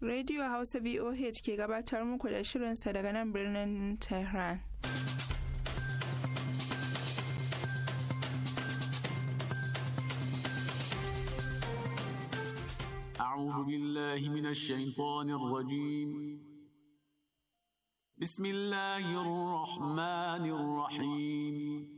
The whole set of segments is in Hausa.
Radio Hausa boh ke gabatar muku da shirinsa daga nan birnin Tehran. أعوذ بالله من الشيطان الرجيم بسم الله الرحمن الرحيم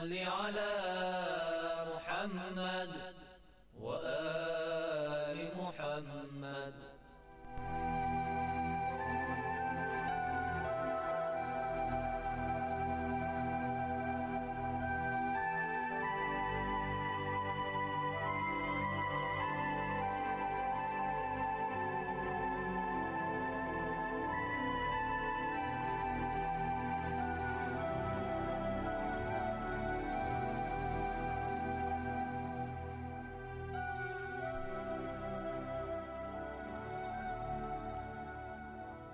صل على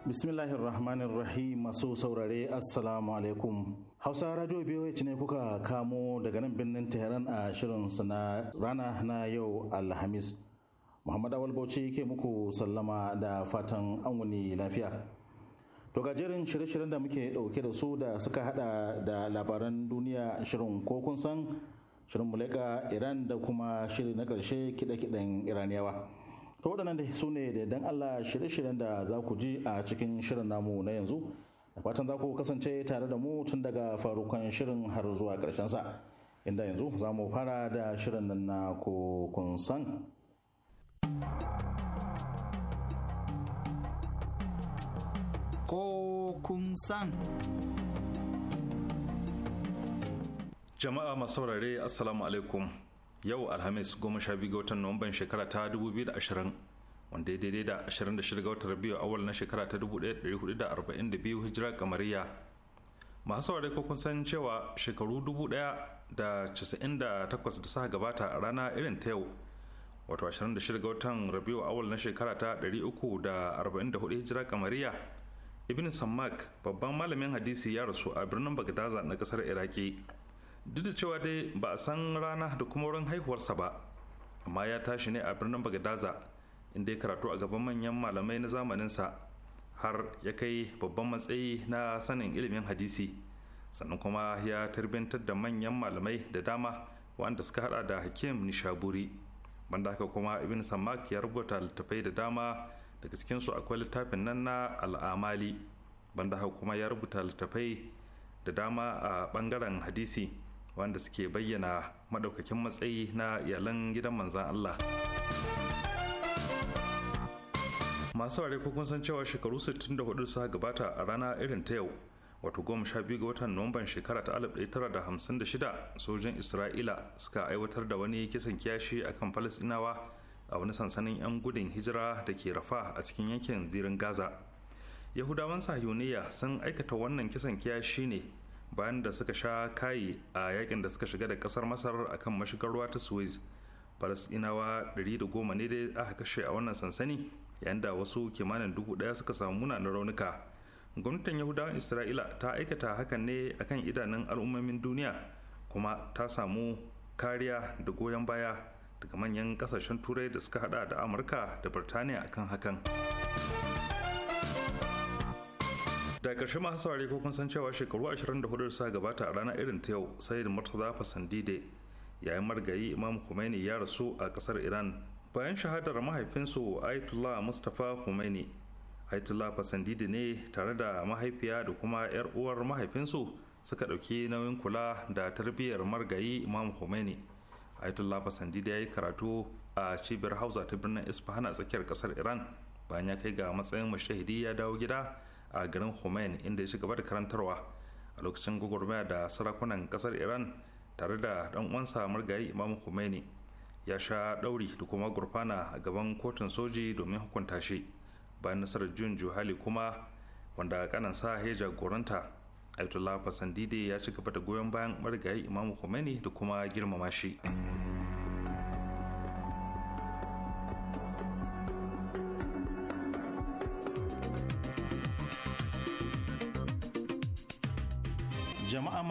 bismillahir rahmanir rahim masu saurare assalamu alaikum hausa radio biyu ne kuka kamo daga nan birnin tehran a shirin na rana na yau alhamis muhammad awal bauchi ke muku sallama da fatan an wuni lafiya to gajerin shirye-shiryen da muke dauke da su da suka hada da labaran duniya shirin ko kun san shirin mulaka iran da kuma shiri na karshe kide-kiden iraniyawa to waɗannan da su ne da idan Allah shirye-shiryen da za ku ji a cikin shirin namu na yanzu da fatan za ku kasance tare da mu tun daga farukan shirin har zuwa ƙarshen sa inda yanzu za mu fara da shirin nan na san ko kun san jama'a masu saurare assalamu alaikum yau alhamis goma sha biyu ga watan nuwamban shekara ta 2020 wanda ya daidai da 26 ga watan rabiu awal na shekara ta 1442 hijira kamariya masu saurari ko kun san cewa shekaru 1098 da suka gabata a rana irin ta yau wato 26 ga watan rabiu awal na shekara ta 344 hijira kamariya ibn sammak babban malamin hadisi ya rasu a birnin bagdaza na kasar iraki duk da cewa dai ba a san rana da kuma wurin haihuwarsa ba amma ya tashi ne a birnin bagadaza inda ya karatu a gaban manyan malamai na zamaninsa har ya kai babban matsayi na sanin ilimin hadisi sannan kuma ya tarbintar da manyan malamai da dama wanda suka hada da hakim nishaburi banda haka kuma ibn samak ya rubuta littattafai da dama daga cikinsu akwai littafin nan na al'amali banda haka kuma ya rubuta littattafai da dama a bangaren hadisi wanda suke bayyana madaukakin matsayi na iyalan gidan manzan Allah. masu ware kun san cewa shekaru 64 suka gabata a rana irin ta yau wato goma sha biyu ga watan nuwamban shekara ta 1956 sojin isra'ila suka aiwatar da wani kisan kiyashi a kan falasinawa a wani sansanin 'yan gudun hijira da ke rafa a cikin yankin zirin gaza yahudawan sahiyoniya sun aikata wannan kisan kiyashi ne bayan da suka sha kayi a yakin da suka shiga da kasar masar akan mashigar ruwa ta suez falasinawa 110 ne dai aka kashe a wannan sansani yayin da wasu kimanin dubu daya suka samu munanan raunuka gwamnatin yahudawan isra'ila ta aikata hakan ne akan idanun al'ummomin duniya kuma ta samu kariya da goyon baya daga manyan kasashen turai da suka hada da amurka da birtaniya akan hakan. daga ƙarshe masu saurari ko kun san cewa shekaru 24 da suka gabata a rana irin ta yau sai da murtaza fasandide yayin margayi imam khomeini ya rasu a ƙasar iran bayan shahadar mahaifinsu ayatollah mustapha khomeini ayatollah fasandide ne tare da mahaifiya da kuma 'yar uwar mahaifinsu suka ɗauki nauyin kula da tarbiyyar margayi imam khomeini ayatollah fasandide ya yi karatu a cibiyar hausa ta birnin isfahan a tsakiyar ƙasar iran bayan ya kai ga matsayin mashahidi ya dawo gida a garin Khomein inda ya shiga da karantarwa a lokacin gwagwarmaya da sarakunan kasar Iran tare da dan uwansa margayi Imam Khomeini ya sha dauri da kuma gurfana a gaban kotun soji domin hukunta shi bayan nasarar jun juhali kuma wanda kanan sa ya jagoranta Ayatollah Fasandide ya ci gaba da goyon bayan marigayi Imam Khomeini da kuma girmama shi.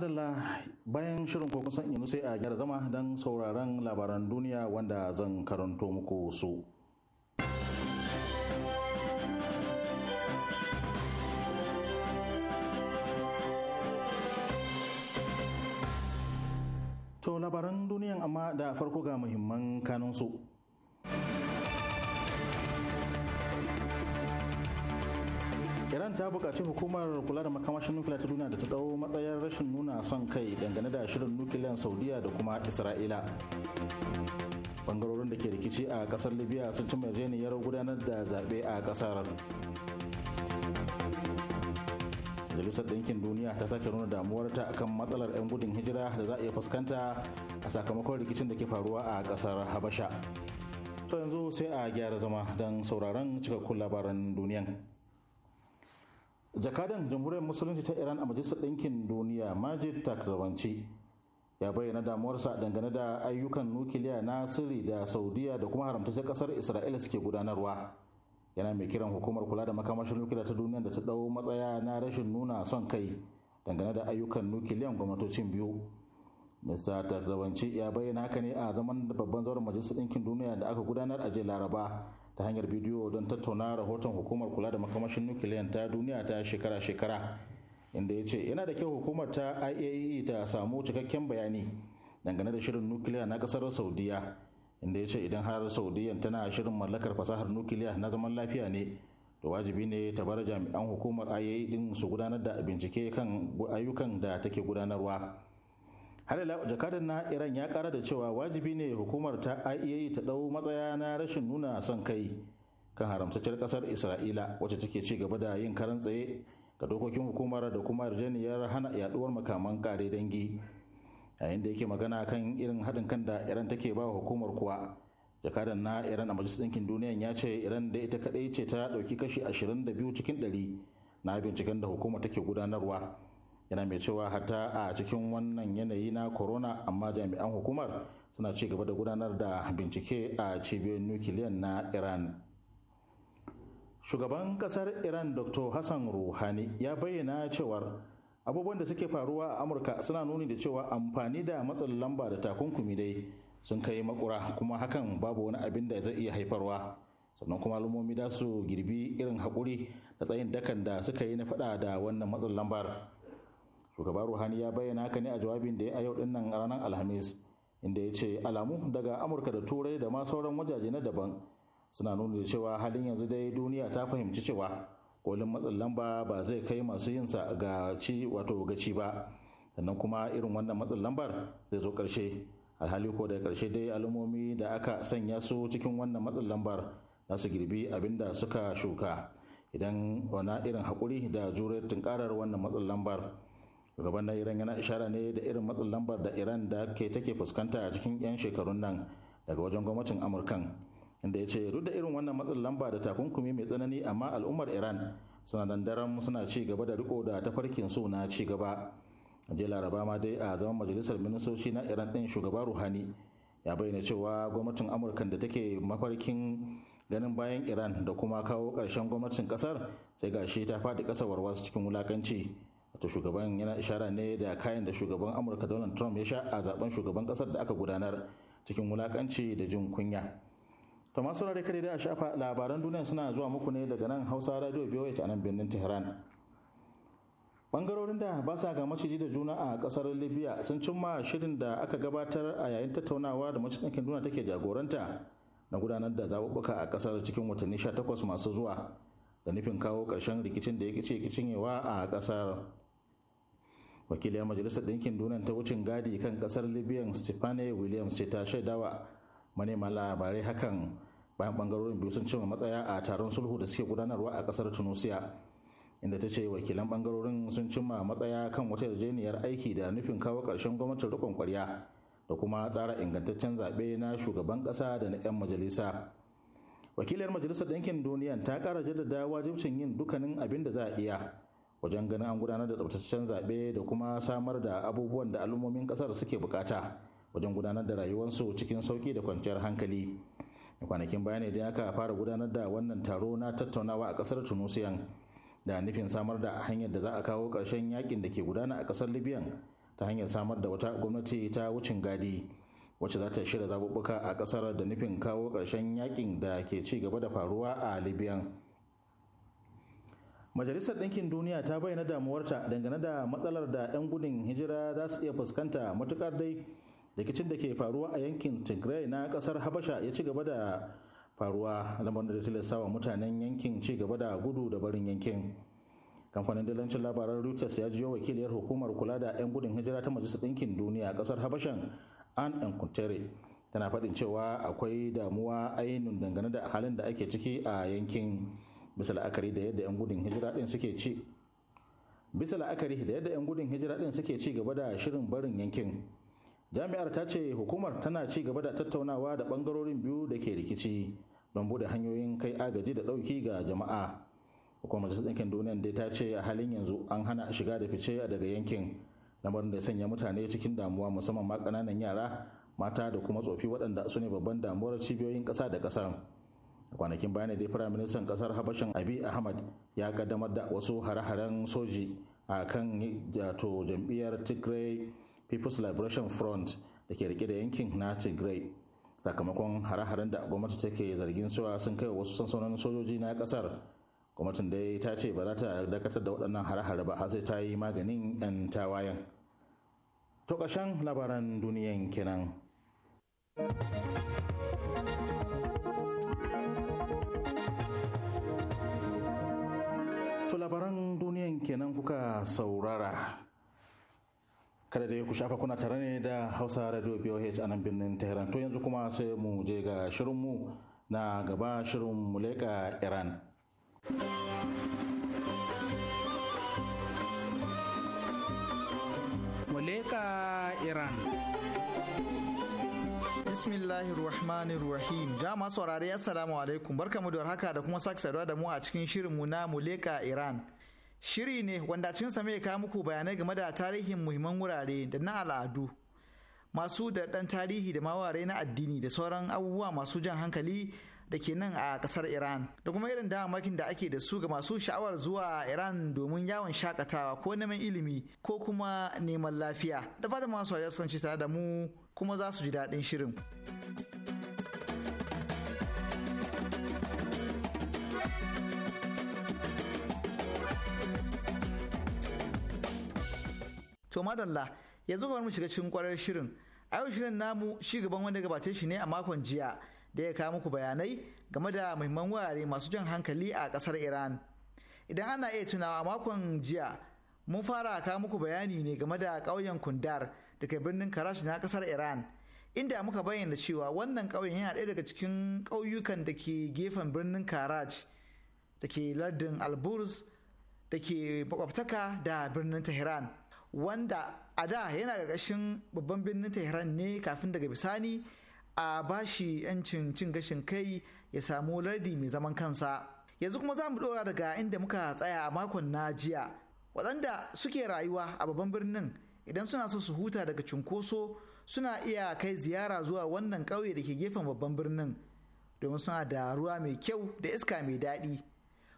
madalla bayan shirin ko kusan inu sai a gyara zama don sauraron labaran duniya wanda zan karanto muku su. To labaran duniyan amma da farko ga muhimman kanunsu. iran ta buƙaci hukumar kula da makamashin nukiliya ta duniya da ta dau matsayar rashin nuna son kai dangane da shirin nukiliyan saudiya da kuma isra'ila bangarorin da ke rikici a kasar libya sun ci yarjejeniyar gudanar da zaɓe a ƙasar majalisar ɗinkin duniya ta sake nuna damuwarta akan matsalar 'yan gudun hijira da za a iya fuskanta a sakamakon rikicin da ke faruwa a kasar habasha to yanzu sai a gyara zama don sauraron cikakkun labaran duniyan. jakadan jamhuriyar musulunci ta iran a majalisar ɗinkin duniya majid takrabanci ya bayyana damuwarsa dangane da ayyukan nukiliya na sirri da saudiya da kuma haramtaccen kasar isra'ila suke gudanarwa yana mai kiran hukumar kula da makamashin nukiliya ta duniya da ta ɗau matsaya na rashin nuna son kai dangane da ayyukan nukiliyan gwamnatocin biyu mista takrabanci ya bayyana haka ne a zaman da babban zauren majalisar ɗinkin duniya da aka gudanar a jiya laraba ta hanyar bidiyo don tattauna rahoton hukumar kula da makamashin nukiliyan ta duniya ta shekara-shekara inda ya ce yana da kyau hukumar ta iaea e ta samu cikakken bayani dangane da shirin nukiliya na kasar saudiya inda ya ce idan har saudiya tana shirin mallakar fasahar nukiliya na zaman lafiya ne to wajibi ne ta bar jami'an hukumar iaea e din su gudanar da bincike kan ayyukan da take gudanarwa. har ila jakadar na iran ya kara da cewa wajibi ne hukumar ta iaea e ta dau matsaya na rashin nuna son kai kan haramtacciyar kasar isra'ila wacce take ci gaba da yin karan tsaye ga dokokin hukumar da kuma yarjejeniyar hana yaduwar makaman kare dangi yayin da yake magana kan irin haɗin kan da iran take ba hukumar kuwa jakadar na iran a majalisar ɗinkin duniya ya ce iran da ita kaɗai ce ta ɗauki kashi 22 cikin 100 na binciken da hukumar take gudanarwa yana mai cewa hatta a cikin wannan yanayi na corona amma jami'an hukumar suna ci gaba da gudanar da bincike a cibiyoyin nukiliyan na iran shugaban kasar iran dr hassan ruhani ya bayyana cewar abubuwan da suke faruwa a amurka suna nuni da cewa amfani da matsin lamba da takunkumi dai sun kai makura kuma hakan babu wani abin da zai iya haifarwa sannan kuma lumomi da su girbi irin haƙuri da tsayin dakan da suka yi na faɗa da wannan matsin lambar shugaban ruhani ya bayyana haka ne a jawabin da ya a yau dinnan ranar alhamis inda ya ce alamu daga amurka da turai da ma sauran wajaje na daban suna nuna da cewa halin yanzu dai duniya ta fahimci cewa kolin matsin lamba ba zai kai masu yinsa ga ci wato ga ci ba sannan kuma irin wannan matsin lambar zai zo karshe alhali ko da karshe dai alamomi da aka sanya su cikin wannan matsin lambar za su girbi abinda suka shuka idan wana irin haƙuri da jure tunkarar wannan matsin lambar shugaban na iran yana ishara ne da irin matsin lambar da iran da ke take fuskanta a cikin 'yan shekarun nan daga wajen gwamnatin amurkan inda ya ce duk da irin wannan matsin lamba da takunkumi mai tsanani amma al'ummar iran suna dandaram suna ci gaba da riko da tafarkin su na ci gaba a jiya laraba ma dai a zaman majalisar ministoci na iran din shugaba ruhani ya bayyana cewa gwamnatin amurkan da take mafarkin ganin bayan iran da kuma kawo ƙarshen gwamnatin kasar sai gashi ta fadi ƙasa wasu cikin wulakanci wato shugaban yana ishara ne da kayan da shugaban amurka donald trump ya sha a zaben shugaban kasar da aka gudanar cikin wulakanci da jin kunya to masu rarrai kare da a shafa labaran duniya suna zuwa muku ne daga nan hausa radio biyu a nan birnin tehran bangarorin da ba sa ga maciji da juna a kasar libya sun cimma shirin da aka gabatar a yayin tattaunawa da macidankin duniya take jagoranta na gudanar da zaɓuɓɓuka a kasar cikin watanni 18 masu zuwa da nufin kawo ƙarshen rikicin da ya kice kicinyewa a kasar wakiliyar majalisar ɗinkin duniya ta wucin gadi kan ƙasar libyan stefania williams ce ta shaidawa manema labarai hakan bayan ɓangarorin biyu sun cima matsaya a taron sulhu da suke gudanarwa a ƙasar tunisia inda ta ce wakilan ɓangarorin sun cimma matsaya kan wata yarjejeniyar aiki da nufin kawo ƙarshen gwamnatin rikon kwarya da kuma tsara ingantaccen zaɓe na shugaban ƙasa da na 'yan majalisa wakilar majalisar ɗinkin duniya ta ƙara jaddada wajibcin yin dukkanin abin da za a iya wajen ganin an gudanar da tsabtataccen zaɓe da kuma samar da abubuwan da al'ummomin ƙasar suke bukata wajen gudanar da rayuwarsu cikin sauki da kwanciyar hankali da kwanakin baya ne da aka fara gudanar da wannan taro na tattaunawa a ƙasar tunisiyan da nufin samar da hanyar da za a kawo ƙarshen yakin da ke gudana a ƙasar libyan ta hanyar samar da wata gwamnati ta wucin gadi wacce za ta shirya zaɓuɓɓuka a ƙasar da nufin kawo ƙarshen yakin da ke ci gaba da faruwa a libyan majalisar ɗinkin duniya ta bayyana damuwarta dangane da matsalar da 'yan gudun hijira za su iya fuskanta matukar dai rikicin da ke faruwa a yankin tigray na kasar habasha ya ci gaba da faruwa lamarin da tilasta wa mutanen yankin ci gaba da gudu da barin yankin kamfanin dalancin labaran reuters ya jiyo wakiliyar hukumar kula da 'yan gudun hijira ta majalisar ɗinkin duniya a kasar habashan an enkuntere tana faɗin cewa akwai damuwa ainihin dangane da halin da ake ciki a yankin bisa la'akari da yadda 'yan gudun hijira ɗin suke ci bisa la'akari da yadda 'yan gudun hijira ɗin suke ci gaba da shirin barin yankin jami'ar ta ce hukumar tana ci gaba da tattaunawa da ɓangarorin biyu da ke rikici don bude hanyoyin kai agaji da ɗauki ga jama'a hukumar ɗinkin duniyan dai ta ce a halin yanzu an hana shiga da fice daga yankin lamarin da sanya mutane cikin damuwa musamman ma kananan yara mata da kuma tsofi waɗanda su ne babban damuwar cibiyoyin ƙasa da ƙasa kwanakin bayan dai ministan kasar habashin abi ahmad ya kaddamar da wasu hare-haren soji a kan jato jam'iyyar tigray people's liberation front da ke rike da yankin na tigray sakamakon hare-haren da gwamnati take zargin cewa sun kai wasu sansanonin sojoji na kasar gwamnatin dai ta ce ba za ta dakatar da waɗannan hare-hare ba har sai ta yi maganin 'yan tawayen to ƙarshen labaran duniyan kenan To labaran duniyan kenan kuka saurara. Kada da ya ku shafa kuna tare ne da Hausa Radio BOH a nan birnin Tehran. To yanzu kuma sai mu je ga shirinmu na gaba shirin Muleka Iran. Muleka Iran. Bismillahirrahmanirrahim. Rahmanir masu Jama saurare Assalamu alaikum. Barkamu da haka da kuma sake saduwa da mu a cikin shirin mu na Muleka Iran. Shiri ne wanda cikin sa mai kawo muku bayanai game da tarihin muhimman wurare da na al'adu. Masu da dan tarihi da mawarai na addini da sauran abubuwa masu jan hankali da ke nan a kasar Iran da kuma irin damamakin da ake da su ga masu sha'awar zuwa Iran domin yawon shakatawa ko neman ilimi ko kuma neman lafiya. Da fatan masu sun ci tare da mu kuma za su ji daɗin shirin. To madalla yanzu bari mu shiga cikin kwarar shirin. A yau shirin namu shi gaban wanda gabace shi ne a makon jiya da ya kawo muku bayanai game da muhimman wurare masu jan hankali a kasar Iran. Idan ana iya tunawa makon jiya mun fara kawo muku bayani ne game da ƙauyen Kundar da ke birnin Karash na kasar Iran. Inda muka bayyana cewa wannan ƙauyen yana ɗaya daga cikin ƙauyukan da ke gefen birnin Karaj da ke lardin Alburz da ke makwabtaka da birnin Tehran. Wanda a da yana ƙarƙashin babban birnin Tehran ne kafin daga bisani a bashi 'yancin cin gashin kai ya samu lardi mai zaman kansa yanzu kuma za mu ɗora daga inda muka tsaya a makon na jiya waɗanda suke rayuwa a babban birnin idan suna so su huta daga cunkoso suna iya kai ziyara zuwa wannan ƙauye da ke gefen babban birnin domin suna da ruwa mai kyau da iska mai daɗi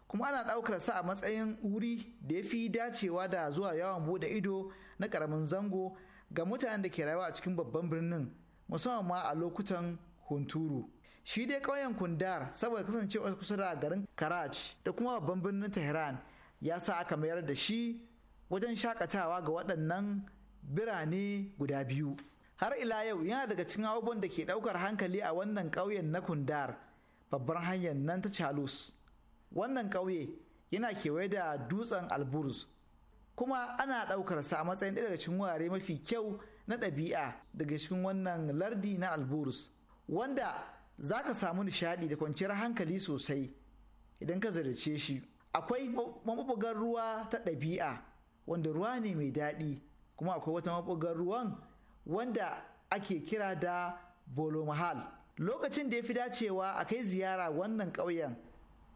kuma ana ɗaukar sa a matsayin wuri da ya fi dacewa da zuwa yawon bude ido na ƙaramin zango ga mutanen da ke rayuwa a cikin babban birnin musamman ma a lokutan hunturu shi dai ƙauyen kundar saboda kasancewa kusa da garin karaj da kuma babban birnin tehran ya sa aka mayar da shi wajen shakatawa ga waɗannan birane guda biyu har ila yau yana daga cikin abubuwan da ke ɗaukar hankali a wannan ƙauyen na kundar babbar hanyar nan ta chalus wannan ƙauye yana kewaye da dutsen alburz kuma ana ɗaukar sa a matsayin ɗaya daga cikin wurare mafi kyau na ɗabi'a daga cikin wannan lardi na alburus wanda za ka samu nishaɗi da kwanciyar hankali sosai idan ka zarce shi akwai mabugar ruwa ta ɗabi'a wanda ruwa ne mai daɗi kuma akwai wata mabugar ruwan wanda ake kira da bolomahal lokacin da ya fi dacewa a kai ziyara wannan ƙauyen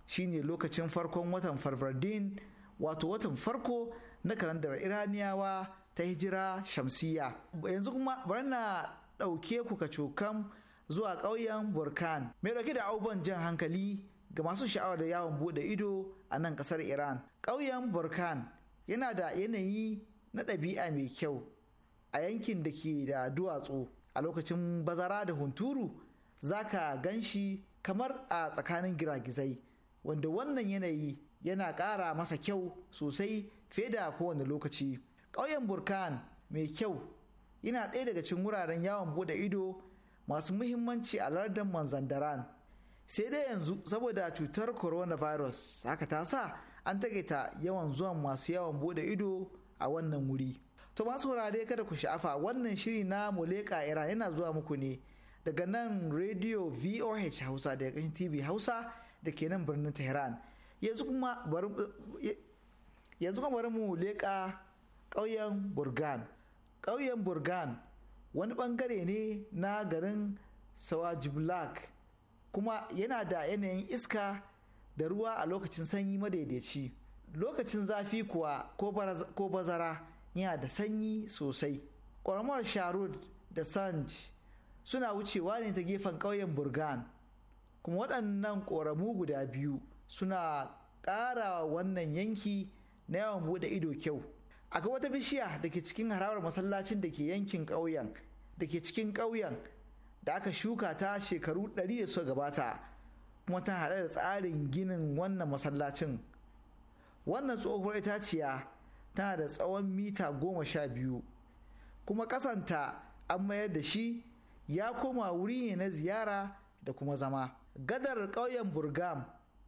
shine lokacin farkon watan farfardin wato watan farko na kalandar iraniyawa ta hijira shamsiya yanzu kuma bari na ɗauke ku cokan zuwa ƙauyen burkan mai ɗauke da abubuwan jan hankali ga masu sha'awar da yawon buɗe ido a nan ƙasar iran ƙauyen burkan yana da yanayi na ɗabi'a mai kyau a yankin da ke da duwatsu a lokacin bazara da hunturu zaka ka gan shi kamar a tsakanin giragizai wanda wannan yanayi yana ƙara masa kyau sosai fiye da kowane lokaci ƙauyen burkan mai kyau yana ɗaya daga cikin wuraren yawon bude ido masu muhimmanci a lardin manzandaran sai dai yanzu saboda cutar coronavirus haka ta sa an taƙaita yawan zuwan masu yawon bude ido a wannan wuri to masu wurare kada ku sha'afa wannan shiri na muleka ira yana zuwa muku ne daga nan radio voh hausa da kashin tv hausa da ke nan birnin tehran yanzu kuma bari mu leƙa ƙauyen burgan ƙauyen burgan wani ɓangare ne na garin sawajiblak kuma yana da yanayin iska da ruwa a lokacin sanyi madaidaici lokacin zafi kuwa ko bazara yana da sanyi sosai ƙwaramar sharud da sanj suna wucewa ne ta gefen ƙauyen burgan kuma waɗannan ƙoramu guda biyu suna ƙara wannan yanki na yawan buɗe ido kyau akwai wata bishiya da ke cikin harawar masallacin da ke yankin ƙauyen da ke cikin ƙauyen da aka shuka ta shekaru ɗari da suka gabata kuma ta haɗa da tsarin ginin wannan masallacin wannan tsohuwar itaciya tana da tsawon mita goma sha biyu kuma ƙasanta an mayar da shi ya koma wuri ne na ziyara da kuma zama gadar ƙauyen burgam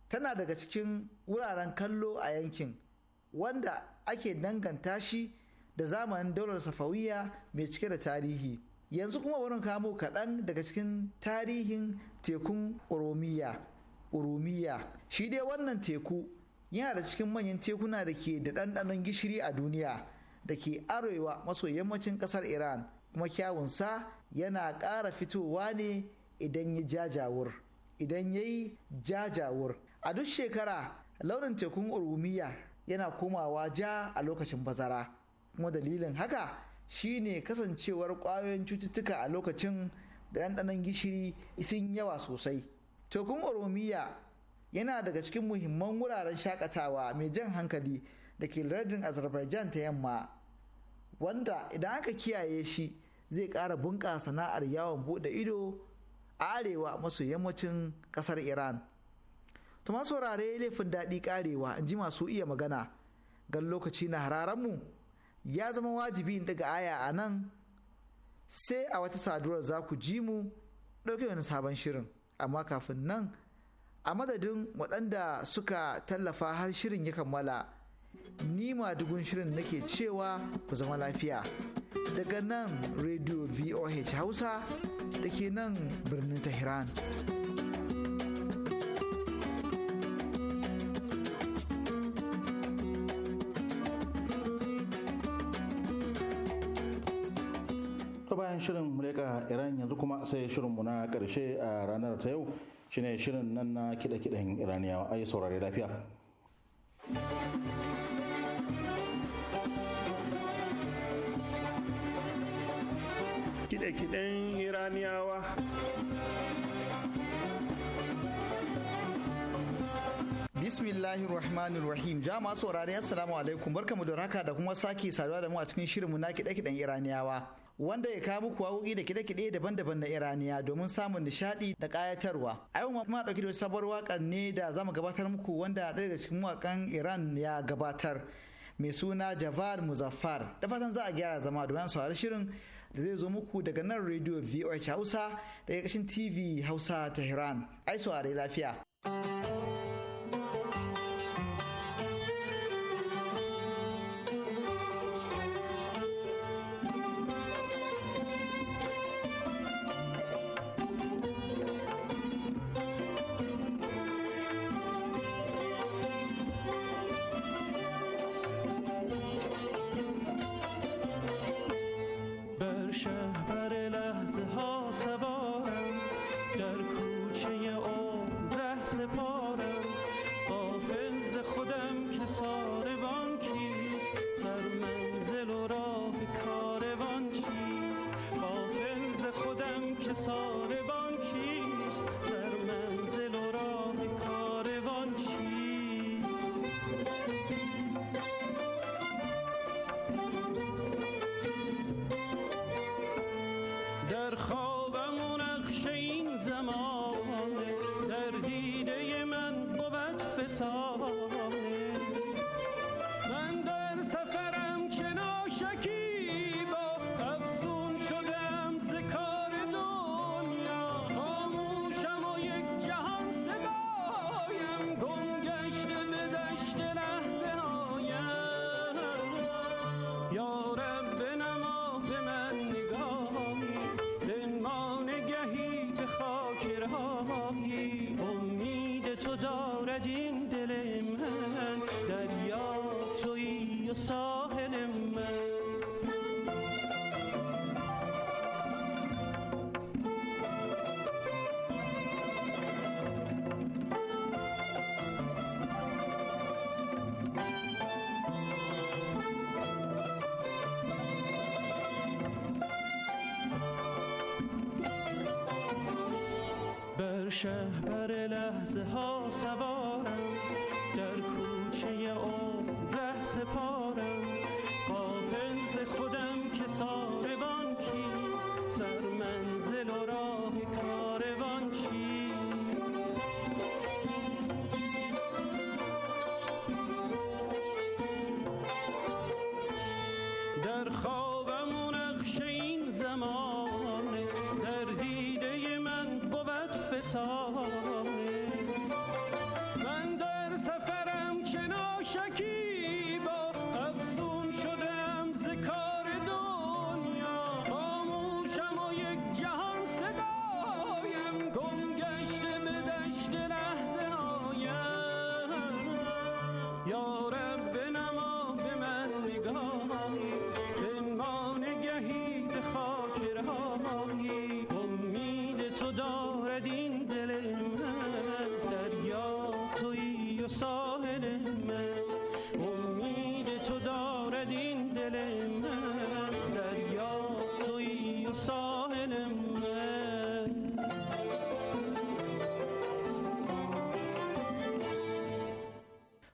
tana daga cikin wuraren kallo a yankin wanda ake danganta shi da zamanin daular safawiya mai cike da tarihi yanzu kuma wurin kamo kaɗan daga cikin tarihin tekun oromiya urumiya shi dai wannan teku yana da cikin manyan tekuna da ke da ɗanɗanon gishiri a duniya da ke arewa maso yammacin ƙasar iran kuma kyawunsa yana ƙara fitowa ne idan ya jajawur idan ya yi jajawur a duk shekara launin tekun urumiya yana komawa ja a lokacin bazara kuma dalilin haka shine kasancewar kwayoyin cututtuka a lokacin da ɗanɗanon gishiri isin yawa sosai tokun oromiya yana daga cikin muhimman wuraren shakatawa mai jan hankali da ke lardin azerbaijan ta yamma wanda idan aka kiyaye shi zai ƙara bunƙasa sana'ar yawon buɗe ido a arewa maso yammacin ƙasar iran to masu wurare laifin daɗi karewa in ji masu iya magana gan lokaci na hararanmu ya zama wajibi in daga aya a nan sai a wata saduwar za ku ji mu ɗauke wani sabon shirin amma kafin nan a madadin waɗanda suka tallafa har shirin ya kammala ni ma dugun shirin nake cewa ku zama lafiya daga nan radio voh hausa da ke nan birnin tehran shirin mureka iran yanzu kuma sai mu na karshe a ranar ta yau shine shirin nan na kiɗe-kiɗen iraniyawa ai saurare lafiya kiɗe-kiɗen iraniyawa bismillahir rahmanir rahim ja masu saurare assalamu alaikum barkamu da raka da kuma sake saduwa da mu a cikin shirinmu na kiɗe-kiɗen iraniyawa wanda ya kawo muku waƙoƙi da kide-kide daban-daban na iraniya domin samun nishaɗi da ƙayatarwa a yau ma ɗauki da sabuwar waƙar ne da za mu gabatar muku wanda ɗaya daga cikin waƙan iran ya gabatar mai suna javad muzaffar da fatan za a gyara zama domin saurari shirin da zai zo muku daga nan rediyo voh hausa daga kashin tv hausa tehran ai saurari lafiya. song. شهبه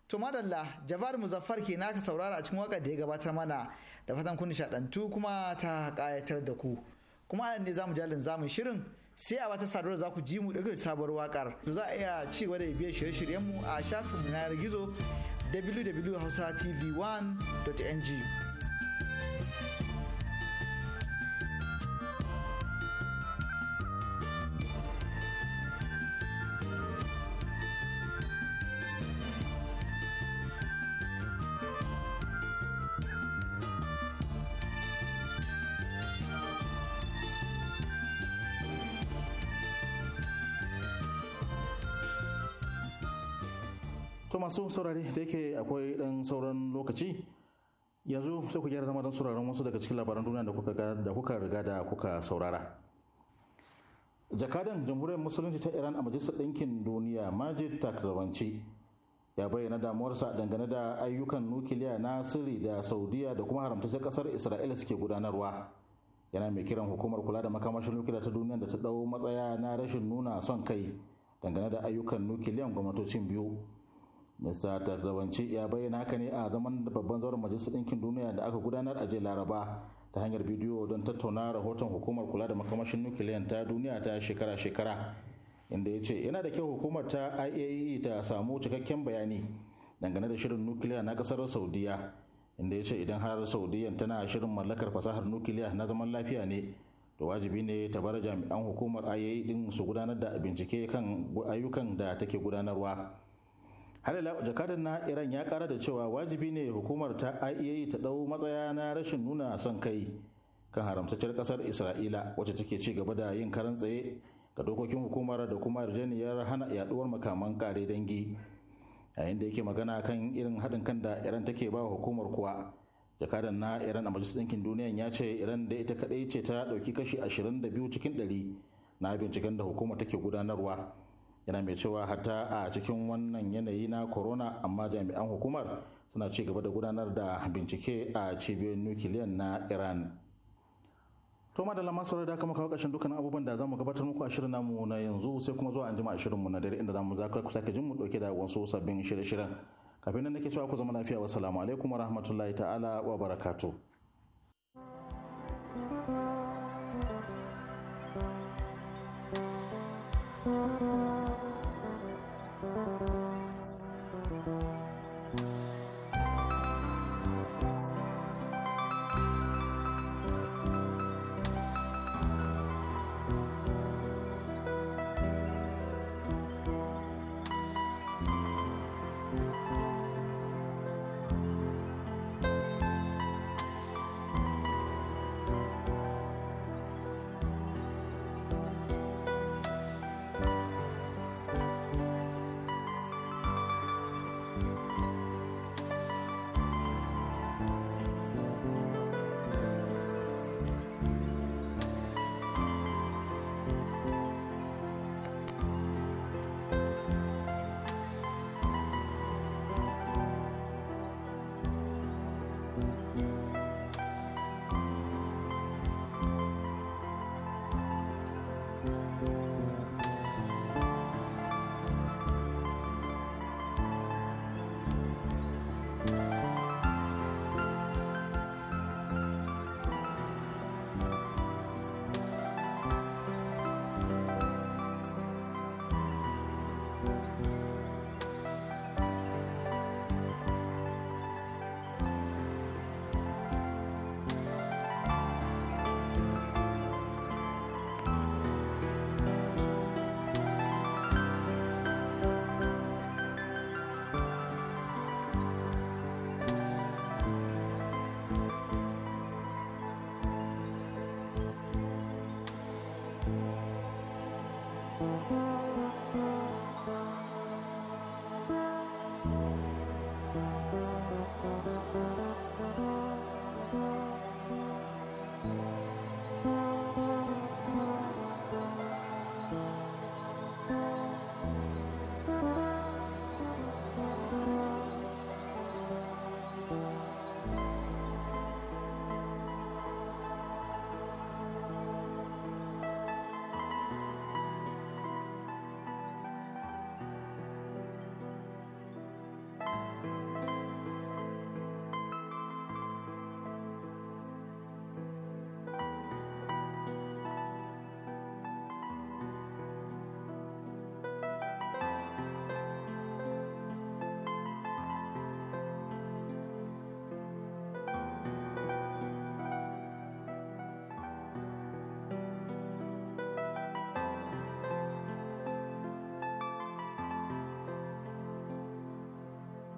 to madalla jabar muzaffar ke naka saurara a cikin waka da ya gabatar mana da fatan kun nishadantu kuma ta kayatar da ku kuma anan ne zamu jalin zamu shirin sai a wata sadarwar za ku ji mu daga sabuwar wakar to za a iya ci gaba da biyan shirye-shiryen mu a shafin mu na gizo wwwhausatv 1ng saurare da yake akwai ɗan sauran lokaci yanzu sai ku gyara zama don sauraron wasu daga cikin labaran duniya da kuka riga da kuka saurara. jakadan jamhuriyar musulunci ta iran a majalisar ɗinkin duniya majid takzabanci ya bayyana damuwarsa dangane da ayyukan nukiliya na sirri da saudiya da kuma haramtaccen kasar isra'ila suke gudanarwa yana mai kiran hukumar kula da makamashin nukiliya ta duniya da ta ɗau matsaya na rashin nuna son kai dangane da ayyukan nukiliyan gwamnatocin biyu mista tarzabanci ya bayyana haka ne a zaman da babban zauren majalisar ɗinkin duniya da aka gudanar a jiya laraba ta hanyar bidiyo don tattauna rahoton hukumar kula da makamashin nukiliyan ta duniya ta shekara-shekara inda ya ce yana da kyau hukumar ta iaea e ta samu cikakken bayani dangane da shirin nukiliya na kasar saudiya inda ya ce idan har saudiyan tana shirin mallakar fasahar nukiliya na zaman lafiya ne to wajibi ne ta bar jami'an hukumar iaea din e su gudanar da bincike kan ayyukan da take gudanarwa. har ila jakadar na iran ya kara da cewa wajibi ne hukumar ta iaea e ta dau matsaya na rashin nuna son kai kan haramtacciyar kasar isra'ila wacce take ci gaba da yin karan tsaye ga dokokin hukumar da kuma yarjejeniyar hana yaduwar makaman kare dangi yayin da yake magana kan irin haɗin kan da iran take ba hukumar kuwa jakadar na iran a majalisar ɗinkin duniyan ya ce iran da ita kaɗai ce ta ɗauki kashi 22 cikin 100 na binciken da hukumar take gudanarwa yana mai cewa hata a cikin wannan yanayi na corona amma jami'an hukumar suna ci gaba da gudanar da bincike a cibiyoyin nukiliyan na iran to madalla saurari da aka maka kashin dukkan abubuwan da za mu gabatar muku a shirin namu na yanzu sai kuma zuwa anjima a shirin mu na dare inda zamu za ku sake jin mu dauke da wasu sabbin shirye-shiryen kafin nan nake cewa ku zama lafiya wassalamu alaikum wa rahmatullahi ta'ala wa barakatuh